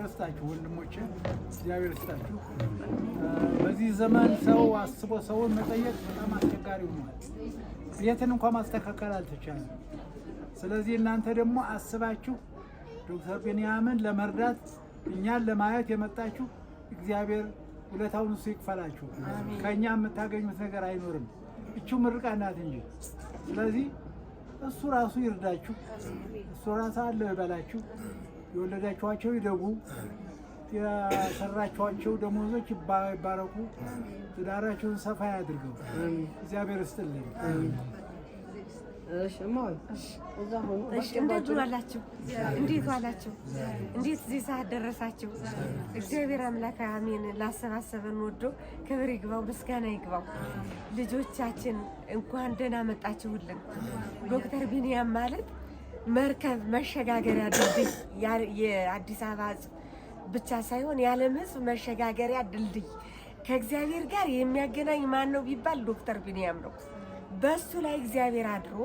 እግዚአብሔር ስጣችሁ ወንድሞቼ፣ እግዚአብሔር ስጣችሁ። በዚህ ዘመን ሰው አስቦ ሰውን መጠየቅ በጣም አስቸጋሪ ሆኗል። ቤትን እንኳ ማስተካከል አልተቻለም። ስለዚህ እናንተ ደግሞ አስባችሁ ዶክተር ቤንያምን ለመርዳት እኛን ለማየት የመጣችሁ እግዚአብሔር ውለታውን እሱ ይክፈላችሁ። ከእኛ የምታገኙት ነገር አይኖርም፣ እቹ ምርቃት ናት እንጂ። ስለዚህ እሱ ራሱ ይርዳችሁ፣ እሱ ራሱ አለ ይበላችሁ። የወለዳችኋቸው ይደጉ፣ የሰራችኋቸው ደሞዞች ይባረኩ፣ ትዳራቸውን ሰፋ ያድርገው። እግዚአብሔር ይስጥልኝ። እንዴት ዋላችሁ? እንዴት ዋላችሁ? እንዴት እዚህ ሰዓት ደረሳችሁ? እግዚአብሔር አምላክ አሜን። ላሰባሰበን ወዶ ክብር ይግባው፣ ምስጋና ይግባው። ልጆቻችን እንኳን ደህና መጣችሁልን። ዶክተር ቢኒያም ማለት መርከብ መሸጋገሪያ ድልድይ የአዲስ አበባ ሕዝብ ብቻ ሳይሆን የዓለም ህዝብ መሸጋገሪያ ድልድይ ከእግዚአብሔር ጋር የሚያገናኝ ማን ነው ቢባል ዶክተር ቢንያም ነው። በሱ ላይ እግዚአብሔር አድሮ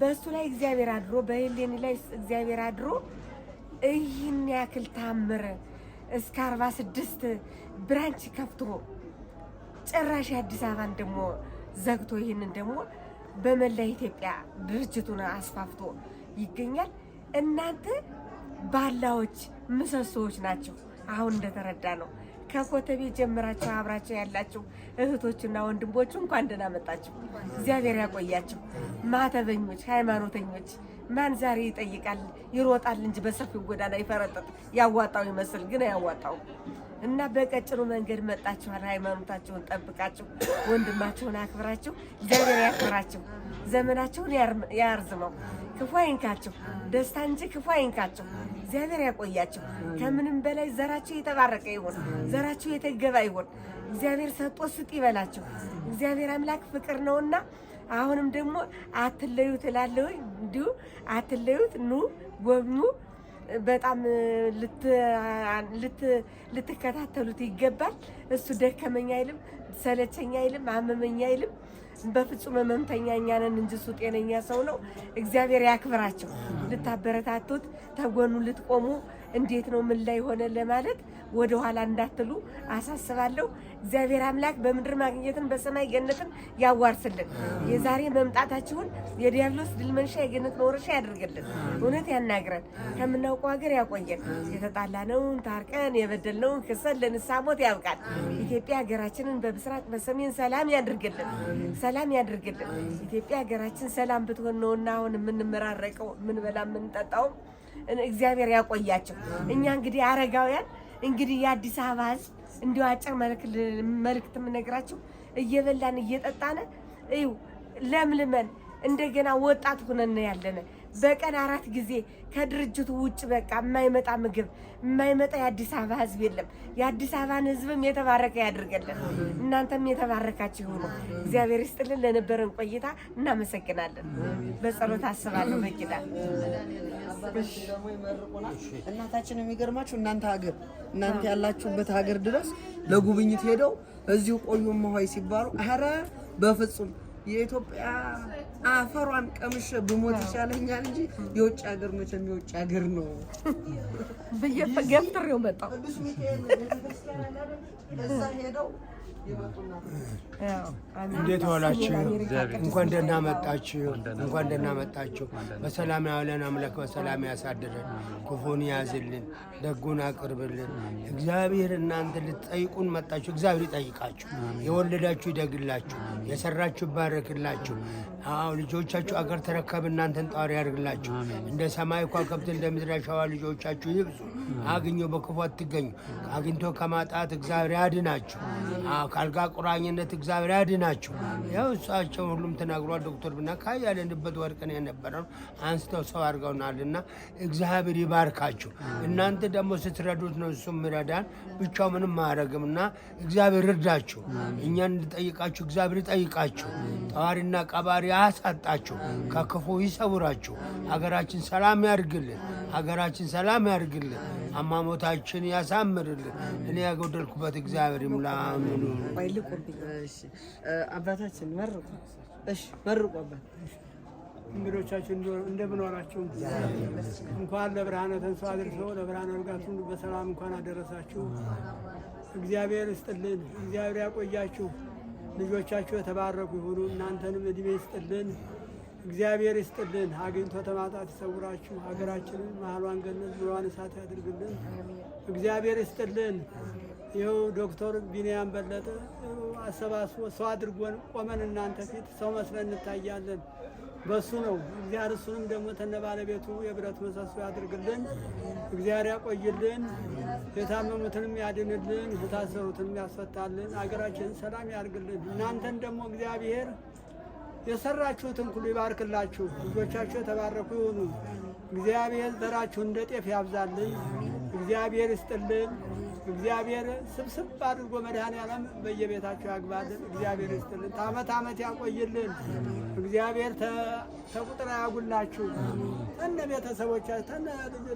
በሱ ላይ እግዚአብሔር አድሮ በሄሌኒ ላይ እግዚአብሔር አድሮ ይህን ያክል ታምር እስከ አርባ ስድስት ብራንች ከፍቶ ጭራሽ አዲስ አበባን ደግሞ ዘግቶ ይህንን ደግሞ በመላ ኢትዮጵያ ድርጅቱን አስፋፍቶ ይገኛል። እናንተ ባላዎች ምሰሶዎች ናቸው። አሁን እንደተረዳ ነው። ከኮተቤ ጀምራችሁ አብራችሁ ያላችሁ እህቶችና ወንድሞች እንኳን ደህና መጣችሁ። እግዚአብሔር ያቆያችሁ። ማተበኞች፣ ሃይማኖተኞች ማን ዛሬ ይጠይቃል ይሮጣል እንጂ በሰፊው ጎዳና ይፈረጥጥ። ያዋጣው ይመስል ግን አያዋጣው እና በቀጭኑ መንገድ መጣችኋል። ሃይማኖታችሁን ጠብቃችሁ ወንድማችሁን አክብራችሁ እግዚአብሔር ያክብራችሁ፣ ዘመናችሁን ያርዝመው፣ ክፉ አይንካችሁ፣ ደስታ እንጂ ክፉ አይንካችሁ። እግዚአብሔር ያቆያችሁ። ከምንም በላይ ዘራችሁ የተባረቀ ይሁን፣ ዘራችሁ የተገባ ይሁን። እግዚአብሔር ሰጦ ስጥ ይበላችሁ። እግዚአብሔር አምላክ ፍቅር ነውና አሁንም ደግሞ አትለዩት እላለሁ። እንዲሁ አትለዩት፣ ኑ ጎብኙ። በጣም ልትከታተሉት ይገባል። እሱ ደከመኝ አይልም፣ ሰለቸኝ አይልም፣ አመመኝ አይልም። በፍጹም ህመምተኛ እኛ ነን እንጂ እሱ ጤነኛ ሰው ነው። እግዚአብሔር ያክብራቸው። ልታበረታቱት ተጎኑ ልትቆሙ እንዴት ነው ምን ላይ ሆነ ለማለት ወደ ኋላ እንዳትሉ አሳስባለሁ። እግዚአብሔር አምላክ በምድር ማግኘትን በሰማይ ገነትን ያዋርስልን። የዛሬ መምጣታችሁን የዲያብሎስ ድል መንሻ የገነት መውረሻ ያደርግልን። እውነት ያናግረን፣ ከምናውቀው ሀገር ያቆየን፣ የተጣላነውን ታርቀን፣ የበደልነውን ክሰን ለንስሐ ሞት ያብቃል። ኢትዮጵያ ሀገራችንን በምስራቅ በሰሜን ሰላም ያድርግልን። ሰላም ያድርግልን። ኢትዮጵያ ሀገራችን ሰላም ብትሆን እና አሁን የምንመራረቀው የምንበላ የምንጠጣውም እግዚአብሔር ያቆያቸው። እኛ እንግዲህ አረጋውያን እንግዲህ የአዲስ አበባ ህዝብ እንዲሁ አጭር መልእክት የምነግራቸው እየበላን እየጠጣን እዩ ለምልመን እንደገና ወጣት ሁነን ያለነ በቀን አራት ጊዜ ከድርጅቱ ውጭ በቃ የማይመጣ ምግብ የማይመጣ የአዲስ አበባ ህዝብ የለም። የአዲስ አበባን ህዝብም የተባረከ ያድርገልን፣ እናንተም የተባረካችሁ ይሁኑ። እግዚአብሔር ይስጥልን። ለነበረን ቆይታ እናመሰግናለን። በጸሎት አስባለሁ። በኪዳል እናታችን የሚገርማችሁ እናንተ ሀገር እናንተ ያላችሁበት ሀገር ድረስ ለጉብኝት ሄደው እዚሁ ቆዩ መሆይ ሲባሉ ኧረ በፍጹም የኢትዮጵያ አፈሯን ቀምሼ ብሞት ይሻለኛል እንጂ የውጭ ሀገር መቼም የውጭ ሀገር ነው ብዬ ገፍትሬው መጣሁ። እንዴት ዋላችሁ? እንኳን ደህና መጣችሁ። እንኳን ደህና መጣችሁ። በሰላም ያዋለን አምላክ በሰላም ያሳድረን። ክፉን ያዝልን፣ ደጉን አቅርብልን። እግዚአብሔር እናንተ ልትጠይቁን መጣችሁ። እግዚአብሔር ይጠይቃችሁ። የወለዳችሁ ይደግላችሁ፣ የሰራችሁ ይባረክላችሁ። አዎ ልጆቻችሁ አገር ተረከብ እናንተን ጣሪ ያድርግላችሁ። እንደ ሰማይ ከዋክብት እንደ ምድር አሸዋ ልጆቻችሁ ይብዙ። አግኞ በክፉ አትገኙ። አግኝቶ ከማጣት እግዚአብሔር ያድናችሁ። ከአልጋ ቁራኝነት እግዚአብሔር ያድናችሁ። ያው እሳቸው ሁሉም ተናግሯል። ዶክተር ብና ካያለንበት ወርቅን የነበረው አንስተው ሰው አድርገውናልና እግዚአብሔር ይባርካችሁ። እናንተ ደግሞ ስትረዱት ነው እሱም ይረዳን። ብቻው ምንም አያረግምና እግዚአብሔር እርዳችሁ። እኛን እንድጠይቃችሁ እግዚአብሔር ይጠይቃችሁ። ጠዋሪና ቀባሪ ያሳጣችሁ፣ ከክፉ ይሰውራችሁ። ሀገራችን ሰላም ያድርግልን። ሀገራችን ሰላም ያድርግልን። አማሞታችን ያሳምርልን። እኔ ያጎደልኩበት እግዚአብሔር ይሙላ። አባታችን መርቁ፣ እሺ መርቁ። አባት እንግዶቻችን እንደምን ዋላችሁ? እንኳን ለብርሃነ ትንሣኤ አድርሶ ለብርሃነ በሰላም እንኳን አደረሳችሁ። እግዚአብሔር ይስጥልን። እግዚአብሔር ያቆያችሁ። ልጆቻቸው የተባረኩ ይሁኑ። እናንተንም እድሜ ይስጥልን፣ እግዚአብሔር ይስጥልን። አግኝቶ ተማጣት ይሰውራችሁ። ሀገራችንን መሀሏን ገነት ዙሯን እሳት ያድርግልን። እግዚአብሔር ይስጥልን። ይኸው ዶክተር ቢንያም በለጠ አሰባስቦ ሰው አድርጎን ቆመን እናንተ ፊት ሰው መስለን እንታያለን። በሱ ነው። እግዚአብሔር እሱንም ደግሞ ተነ ባለቤቱ የብረት ምሰሶ ያድርግልን። እግዚአብሔር ያቆይልን፣ የታመሙትንም ያድንልን፣ የታሰሩትንም ያስፈታልን፣ አገራችንን ሰላም ያርግልን እናንተን ደግሞ እግዚአብሔር የሰራችሁትን ሁሉ ይባርክላችሁ። ልጆቻችሁ የተባረኩ ይሁኑ። እግዚአብሔር ዘራችሁ እንደ ጤፍ ያብዛልን። እግዚአብሔር ይስጥልን። እግዚአብሔር ስብስብ አድርጎ መድኃኔዓለም በየቤታቸው ያግባልን። እግዚአብሔር ይስጥልን፣ ታመት አመት ያቆይልን። እግዚአብሔር ተቁጥር አያጉላችሁ። ተነ ቤተሰቦቻችሁ፣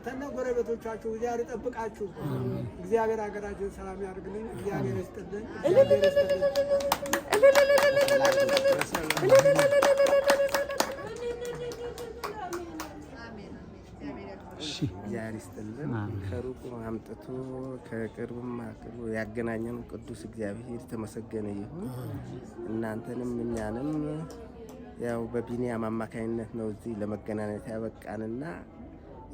ተነ ጎረቤቶቻችሁ እግዚአብሔር ይጠብቃችሁ። እግዚአብሔር ሀገራችን ሰላም ያድርግልን። እግዚአብሔር ይስጥልን። እግዚአብሔር ይስጥልን። ከሩቁ አምጥቶ ከቅርቡም አቅርቦ ያገናኘን ቅዱስ እግዚአብሔር የተመሰገነ ይሁን። እናንተንም እኛንም ያው በቢኒያም አማካኝነት ነው እዚህ ለመገናኘት ያበቃንና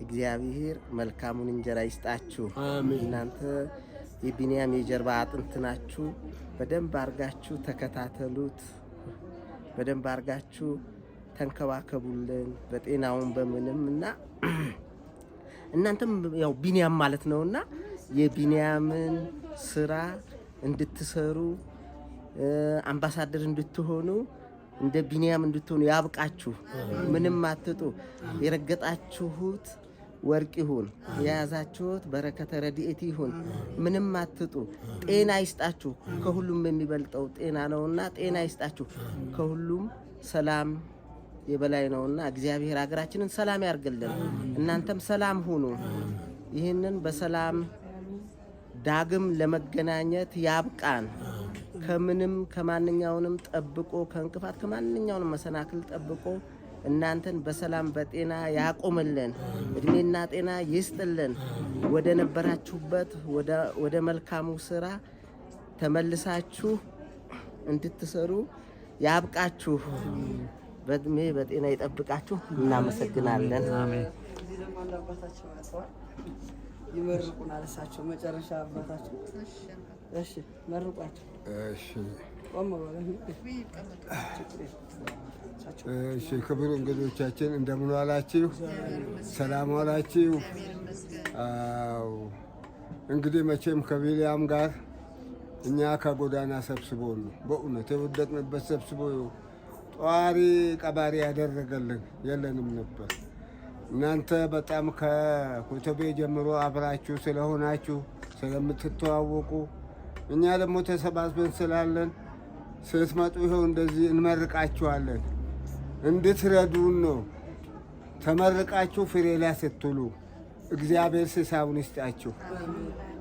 እግዚአብሔር መልካሙን እንጀራ ይስጣችሁ። እናንተ የቢኒያም የጀርባ አጥንት ናችሁ። በደንብ አርጋችሁ ተከታተሉት። በደንብ አርጋችሁ ተንከባከቡልን በጤናውን በምንም እና እናንተም ያው ቢኒያም ማለት ነውና የቢኒያምን ስራ እንድትሰሩ አምባሳደር እንድትሆኑ እንደ ቢኒያም እንድትሆኑ ያብቃችሁ። ምንም አትጡ። የረገጣችሁት ወርቅ ይሁን፣ የያዛችሁት በረከተ ረድኤት ይሁን። ምንም አትጡ። ጤና ይስጣችሁ። ከሁሉም የሚበልጠው ጤና ነውና ጤና ይስጣችሁ። ከሁሉም ሰላም የበላይ ነውና እግዚአብሔር ሀገራችንን ሰላም ያርግልን። እናንተም ሰላም ሁኑ። ይህንን በሰላም ዳግም ለመገናኘት ያብቃን። ከምንም ከማንኛውንም ጠብቆ ከእንቅፋት ከማንኛውንም መሰናክል ጠብቆ እናንተን በሰላም በጤና ያቆምልን። እድሜና ጤና ይስጥልን። ወደ ነበራችሁበት ወደ መልካሙ ስራ ተመልሳችሁ እንድትሰሩ ያብቃችሁ። በእድሜ በጤና ይጠብቃችሁ። እናመሰግናለን። ይመርቁን አለሳቸው መጨረሻ አባታቸው እሺ፣ መርቋቸው። እሺ፣ ክቡር እንግዶቻችን እንደምን ዋላችሁ? ሰላም ዋላችሁ? አዎ፣ እንግዲህ መቼም ከቢልያም ጋር እኛ ከጎዳና ሰብስቦ ነው በእውነት የወደቅንበት ሰብስቦ ጠዋሪ ቀባሪ ያደረገልን የለንም ነበር። እናንተ በጣም ከኮተቤ ጀምሮ አብራችሁ ስለሆናችሁ ስለምትተዋወቁ፣ እኛ ደግሞ ተሰባስበን ስላለን ስትመጡ ይኸው እንደዚህ እንመርቃችኋለን። እንድትረዱን ነው ተመርቃችሁ ፍሬ ላይ ስትሉ እግዚአብሔር ስሳቡን ይስጣችሁ።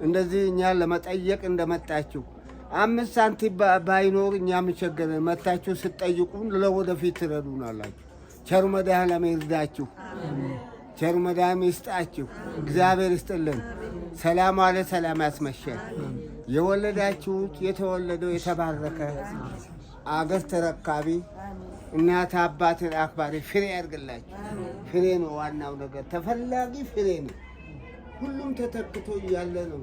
እንደዚህ እኛ ለመጠየቅ እንደመጣችሁ አምስት ሳንቲም ባይኖር እኛ ቸገረን መታችሁ ስጠይቁን ለወደፊት ትረዱናላችሁ። ቸሩ መድኃኔዓለም ይርዳችሁ፣ ቸሩ መድኃኔዓለም ይስጣችሁ። እግዚአብሔር ይስጥልን። ሰላም አለ ሰላም ያስመሸል። የወለዳችሁት የተወለደው የተባረከ አገር ተረካቢ እናት አባትን አክባሪ ፍሬ ያድርግላችሁ። ፍሬ ነው ዋናው ነገር፣ ተፈላጊ ፍሬ ነው። ሁሉም ተተክቶ እያለ ነው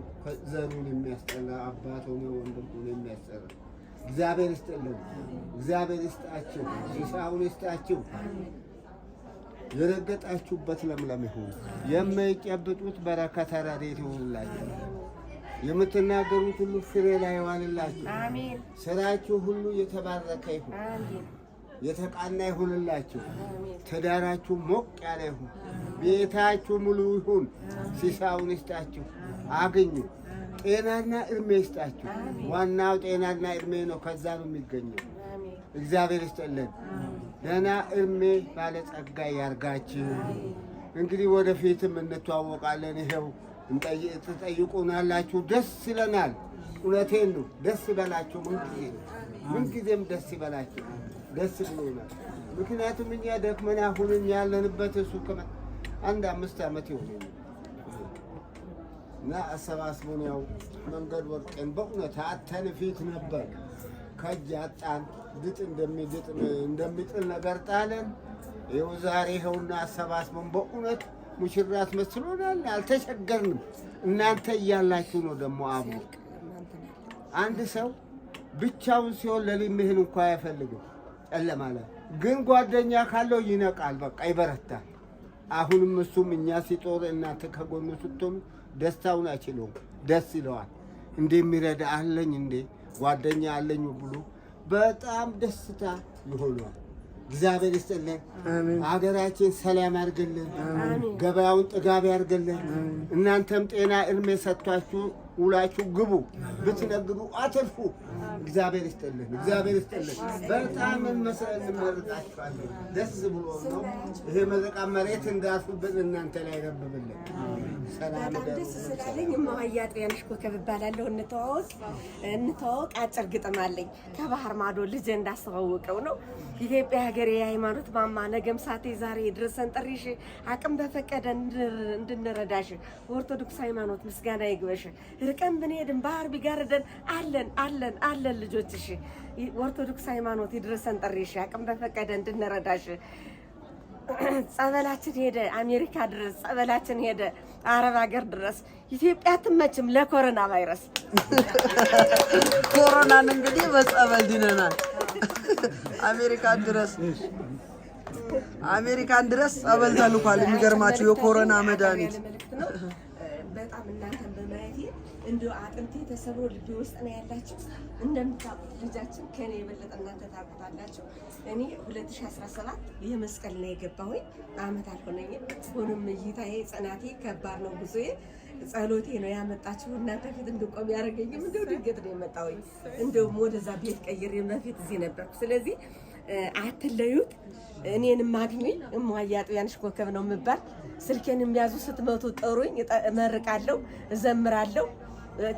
ዘሩን የሚያስጠላ አባት ሆነ ወንድም ሆነ የሚያስጠላ። እግዚአብሔር ይስጥልን፣ እግዚአብሔር ይስጣችሁ፣ ሲሳውን ይስጣችሁ። የረገጣችሁበት ለምለም ይሁን። የማይጨብጡት በረከት ረድኤት ይሁንላችሁ። የምትናገሩት ሁሉ ፍሬ ላይ ይዋልላችሁ። ስራችሁ ሁሉ የተባረከ ይሁን። የተቃና ይሁንላችሁ። ትዳራችሁ ሞቅ ያለ ይሁን። ቤታችሁ ሙሉ ይሁን። ሲሳውን ይስጣችሁ፣ አግኙ። ጤናና እድሜ ይስጣችሁ። ዋናው ጤናና እድሜ ነው። ከዛ ነው የሚገኘው። እግዚአብሔር ይስጥልን። ደህና እድሜ ባለጸጋ ያርጋችሁ። እንግዲህ ወደፊትም እንተዋወቃለን። ይኸው ትጠይቁናላችሁ። ደስ ይለናል። እውነቴን ነው። ደስ ይበላችሁ። ምንጊዜ ምንጊዜም ደስ ይበላችሁ። ደስ ብሎናል። ምክንያቱም እኛ ደክመን አሁንም ያለንበት እሱ አንድ አምስት ዓመት ይሆነኝ እና አሰባስቦን ያው መንገድ ወርቄን በእውነት አተን ፊት ነበር ከእጅ አጣን። ድጥ እንደሚጥል ነገር ጣለን። ይኸው ዛሬ ይኸውና አሰባስቦን በእውነት ሙሽራት መስሎናል። አልተቸገርንም። እናንተ እያላችሁ ነው ደግሞ አብሮ አንድ ሰው ብቻውን ሲሆን ለሊምህን እንኳ አይፈልግም። ጨለማ ላይ ግን ጓደኛ ካለው ይነቃል፣ በቃ ይበረታል። አሁንም እሱም እኛ ሲጦር እናት ከጎኑ ስትሆኑ ደስታውን አይችለውም፣ ደስ ይለዋል። እንዴ የሚረዳ አለኝ እንዴ ጓደኛ አለኝ ብሎ በጣም ደስታ ይሆኗል። እግዚአብሔር ይስጥልን፣ ሀገራችን ሰላም ያርግልን፣ ገበያውን ጥጋብ ያርግልን። እናንተም ጤና እድሜ ሰጥቷችሁ ውላችሁ ግቡ፣ ብትነግዱ አትልፉ። እግዚአብሔር ይስጥልን፣ እግዚአብሔር ይስጥልን። በጣም እንመርቃችኋለን። ደስ ብሎ ነው ይሄ መዘቃ መሬት እንዳያርፍብን እናንተ ላይ ረብብልን። ሰላም ደስ ስላለኝ እማዋያ ጥያንሽ ኮከብ እባላለሁ። እንተዋወቅ እንተዋወቅ። አጭር ግጥም አለኝ ከባህር ማዶ ልጄ እንዳስበውቀው ነው ኢትዮጵያ ሀገሬ የሃይማኖት ማማ ነገም ሳቴ ዛሬ የደረሰን ጥሪሽ አቅም በፈቀደ እንድንረዳሽ ኦርቶዶክስ ሃይማኖት ምስጋና ይግበሽ። ርቀን ብንሄድን ባህር ቢጋርደን አለን አለን አለን ልጆችሽ። ኦርቶዶክስ ሃይማኖት የደረሰን ጥሪሽ አቅም በፈቀደ እንድንረዳሽ። ጸበላችን ሄደ አሜሪካ ድረስ፣ ጸበላችን ሄደ አረብ ሀገር ድረስ። ኢትዮጵያ አትመችም ለኮሮና ቫይረስ። ኮሮናን እንግዲህ በጸበል ድነናል። አሜሪካን ድረስ አሜሪካን ድረስ ጸበል ተልኳል። የሚገርማቸው የኮሮና መድኃኒት በጣም እናንተን በማየቴ እንዲ አጥንቴ ተሰብሮ ልቤ ውስጥ ነው ያላችሁ። እንደምታውቁት ልጃችን ከኔ የበለጠ እናንተ ታውቁታላችሁ። እኔ 2017 የመስቀል ነው የገባሁኝ። አመት አልሆነኝም። ሆኖም እይታዬ ጽናቴ ከባድ ነው ጉዞዬ ጸሎቴ ነው ያመጣችሁ እናንተ ፊት እንድቆም ያደረገኝም እንደው ድንገት ነው የመጣው እንደውም ወደዛ ቤት ቀይሬ በፊት እዚህ ነበርኩ። ስለዚህ አትለዩት፣ እኔን ማግኙኝ። እሟያጡ ያንሽ ኮከብ ነው የምባል ስልኬን የሚያዙ ስትመቱ ጥሩኝ፣ እመርቃለሁ፣ እዘምራለሁ።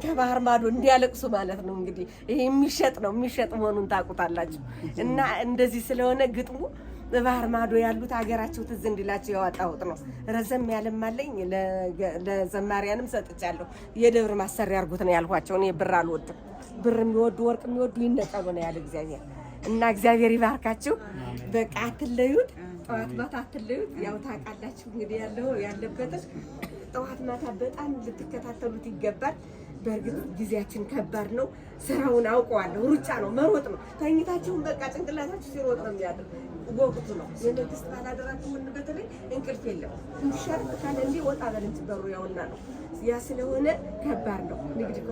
ከባህር ማዶ እንዲያለቅሱ ማለት ነው እንግዲህ ይሄ የሚሸጥ ነው የሚሸጥ መሆኑን ታውቁታላችሁ። እና እንደዚህ ስለሆነ ግጥሙ በባህር ማዶ ያሉት ሀገራቸው ትዝ እንዲላቸው ያወጣሁት ነው። ረዘም ያለማለኝ ለዘማሪያንም ሰጥቻለሁ። የደብር ማሰሪያ አድርጉት ነው ያልኳቸው። እኔ ብር አልወድም። ብር የሚወዱ ወርቅ የሚወዱ ይነቀሉ ነው ያለ እግዚአብሔር እና እግዚአብሔር ይባርካችሁ። በቃ አትለዩት፣ ጠዋት ማታ አትለዩት። ያው ታውቃላችሁ እንግዲህ ያለው ያለበትን ጠዋት ማታ በጣም ልትከታተሉት ይገባል። በእርግጥ ጊዜያችን ከባድ ነው። ስራውን አውቀዋለሁ። ሩጫ ነው፣ መሮጥ ነው። ተኝታችሁን በቃ ጭንቅላታችሁ ሲሮጥ ነው የሚያድር። ወቅቱ ነው የመንግስት ባላደራችሁ ምን በተለይ እንቅልፍ የለም። ትንሽ ሻርፕ ካለ እንዴ ወጣ በል በሩ ያውና ነው። ያ ስለሆነ ከባድ ነው ንግድ